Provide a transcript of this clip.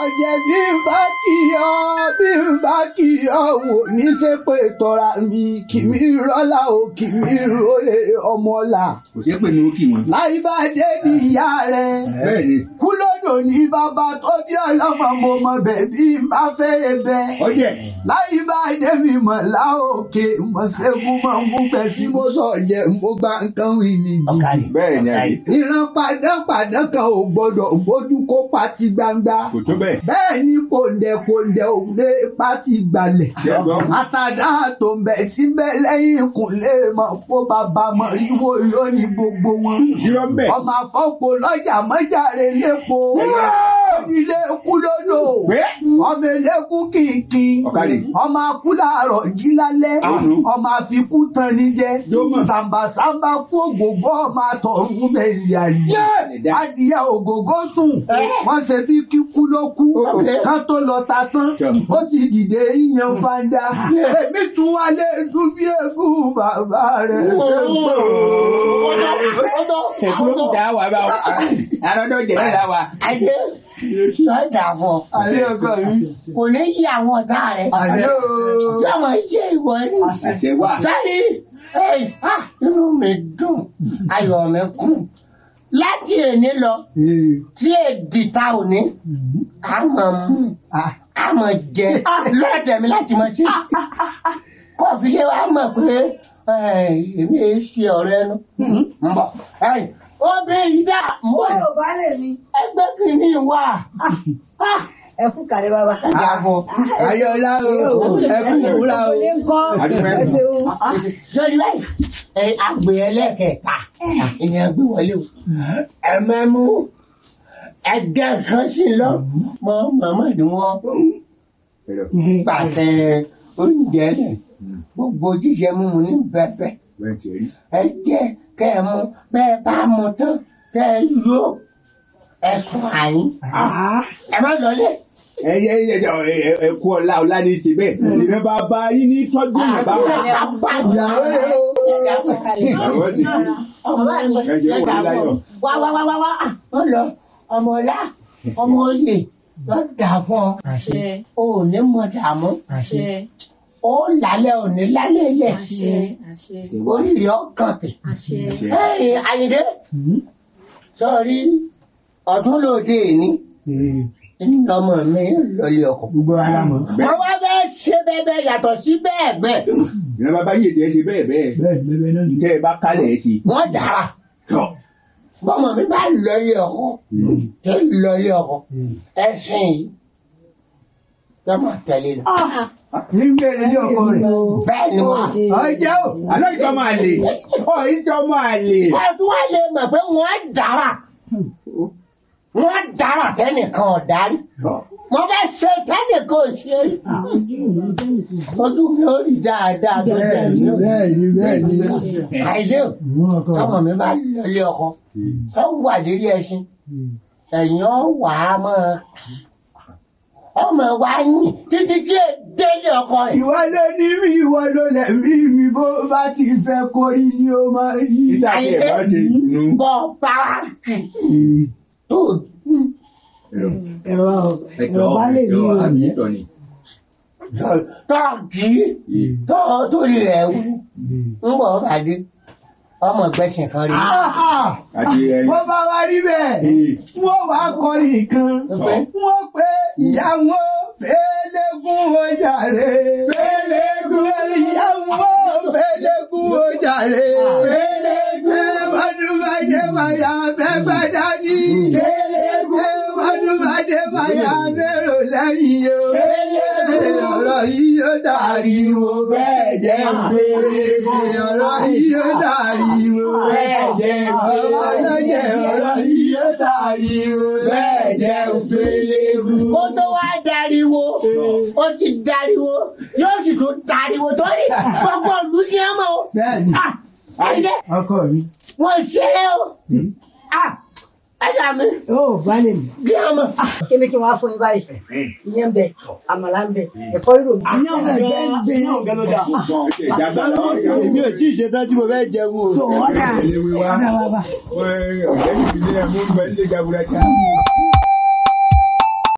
ọ̀jẹ̀ bí n bá kí ọ bí n bá kí ọ wò ní sẹ́pẹ̀ tọ́ra mi kì mí rọ́lá o kì mí rọ́lẹ̀ ọmọlá. kò sẹ́pẹ̀ ni ó kì wọ́n. láì bá dé ní ìyá rẹ̀ kú lọ́dọ̀ ní bàbá tó bí ọlọ́mọ mo mọ bẹ̀bí bá fẹ́rẹ̀ bẹ́. láì bá dé mi mọ̀ láòkè mọ̀ sẹ́gun mọ̀ mú bẹ̀ sí mo sọ jẹ́ mo gba nǹkan wí ni jì. bẹ́ẹ̀ ni àyè. ìran padà padà kan ò gbọdọ̀ bẹ́ẹ̀. bẹ́ẹ̀ ni kòǹdẹ̀kòǹdẹ̀ òde pátì gbalẹ̀. àtàdá tó ń bẹ̀ síbẹ̀ lẹ́yìn kùnlé mọ̀ kó bàbá mọ̀ ríwo lónìí gbogbo wọn. ọmọ àfọ́pọ̀ lọ́jà mọ́jàre lẹ́kọ̀ọ́. ilé kú lódò. ọmọ eléku kìkì. ọmọ akúlàrọ̀ jí lálẹ́. ọmọ àfikún tán ní jẹ́. sàmbàsàmbà kú ló kú oh. ká tó lọ ta tán ó ti dìde yíyan fanda èmi tún wá lé tún bí bàbá rẹ̀. ẹ̀kú ló dá wa bá wa àròdọ̀ jẹ̀ dá wa. ayé sọ́dà fọ. kò ní yí àwọn ọ̀tá rẹ̀. ayé ooo. ìwọ ni. àṣìṣe wà. sẹ́ni ah, inú mi dùn ayọ̀ mi kún láti èní lọ hmm. tí èdè ta ò ní àmọ̀ hmm. mú àmọ̀ hmm. ah. jẹ ah. ah. lọ́dọ̀ mi láti mọ̀ sí kọ́fí lé wa mọ̀ pé èmi èé e ṣe ọ̀rẹ́ nu ń bọ̀ obìnrin dà mọ́ ẹgbẹ́ kìíní wà ẹkún kàlẹ́ bá wa. Yàbọ̀ ayọ̀lá o ẹkún wúrà o. Lórí báyìí, àgbẹ̀ ẹlẹ́kẹ̀ẹ́ta, ìyẹn gbé wọlé o. Ẹ máa ẹgbẹ́ kan sí lọ mọ́ màmá ni wọ́n pàṣẹ oúnjẹ rẹ̀ gbogbo jíjẹ mímu ní bẹ́ẹ̀bẹ́. Ẹ jẹ́ kẹ́ ẹ mú bẹ́ẹ̀ bá mu tán kẹ́ ẹ yó ẹ̀sùn àyín. Ẹ má lọlé ẹyẹ ẹyẹ ẹ kú ọlá ọlá ní í ṣe bẹ́ẹ̀ hmm. ìrẹ bá bá yín ní tọ́jú ìyá ah, bá wà bá jà ó lè o. àwọn ti fi ẹjẹ wò ní láyọ̀. wá wá wá wá wá ó ah, lọ ọmọ ọlá ọmọ oyè lọ dà fún ọ o ò ní mọ dààmú ó lálẹ́ òní lálẹ́ lẹ̀ orí rẹ̀ ọkàn tẹ̀. ẹ̀yìn àyìndé hmm? sọ̀rí ọdún lòdì èní. Hmm nínú ọmọ mi lọlé ọkọ. gbogbo ara mọ. wọ́n wá bẹ́ẹ̀ ṣe bẹ́ẹ̀ bẹ́ẹ̀ yàtọ̀ sí bẹ́ẹ̀ bẹ́ẹ̀. ìyá bàbá yìí tẹ́ ṣe bẹ́ẹ̀ bẹ́ẹ̀. bẹ́ẹ̀ bẹ́ẹ̀ náà nìyẹn. tẹ́ ẹ bá kálẹ̀ ẹ ṣe. wọ́n dára. bọ́mọ mi bá lọlé ọkọ tẹ́ lọlé ọkọ ẹ sìn yìí lọ́mọ tẹ̀lé lọ. Ah, nígbà ìrẹ́lẹ́ ọkọ rẹ̀. bẹ́ẹ̀ ni wọ́n. ọjọ́ àlọ́ ìjọ máa lè. ọ̀ ìjọ máa lè. ẹ̀ wọ́n dára tẹ́nìkan ọ̀darí wọ́n bá ṣe tẹ́nìkan òṣè ojú mi ò rí dáadáa tó tẹ̀lé àìsè ọmọ mi bá lọlé ọkọ ẹ wà lérí ẹṣin ẹ̀yìn ọ̀wà máa ọmọ wa yìn títí tí délé ọkọ rẹ. ìwọ ló ní rí ìwọ ló lẹ rí mi bó bá ti fẹ́ kórí ni ó máa yí. ìtàkùn ẹ̀ bá ṣe inú. bọ́ bá wà kì í. Hmm ẹ̀rọ ẹ̀rọ bá lè ní o tọ́ọ̀kì tọ́ọ̀ tó lè rẹ̀ wú ń bọ̀ ọ́ pàdé ọmọ gbẹ̀sìn kan rí. wọ́n bá wá rí bẹ́ẹ̀ wọ́n wá kọrin nìkan wọ́n pé ìyá wọn fẹ́ẹ́ lẹ́gùn ọjà rẹ̀. Fẹ́lẹ́gún ó jàre. Fẹ́lẹ́gún Mọ́dúnmájé Màyà Bẹ́gbàdá ní. Fẹ́lẹ́gún Mọ́dúnmájé Màyà Bẹ́rò lẹ́yìn o. Fẹ́lẹ́gún ọ̀rọ̀ yìí yóò dàrí o bẹ́ẹ̀ jẹ́ Fẹ́lẹ́gún ah. ọ̀rọ̀ yìí yóò dàrí o bẹ́ẹ̀ jẹ́ Fẹ́lẹ́gún ọ̀rọ̀ yìí yóò dàrí o bẹ́ẹ̀ jẹ́ Fẹ́lẹ́gún. Ó tó wá dariwo, ó ti dariwo tó tariwo tó gbogbo ìlú ni ẹ mọ̀ o. bẹ́ẹ̀ni ah, ọkọ mi. wọ́n ṣe é o. Ẹja mi. Ó balẹ̀ mi. Bí a mọ̀. Ah. Kí kí wọ́n á fún yín báyìí? Iyán ń bẹ, àmàlà ń bẹ, ẹ̀fọ́ rírò. Iyán ń bẹ, iyán ń bẹ ló dà. Èmi ah, ò tí ì ṣe tán tí mo fẹ́ jẹun o. Ọ̀dà ọ̀dà bàbá. Ọ̀rẹ́ ìdílé ẹ̀ mú bẹ́ẹ̀ ní ìjàgbọ́ra jà.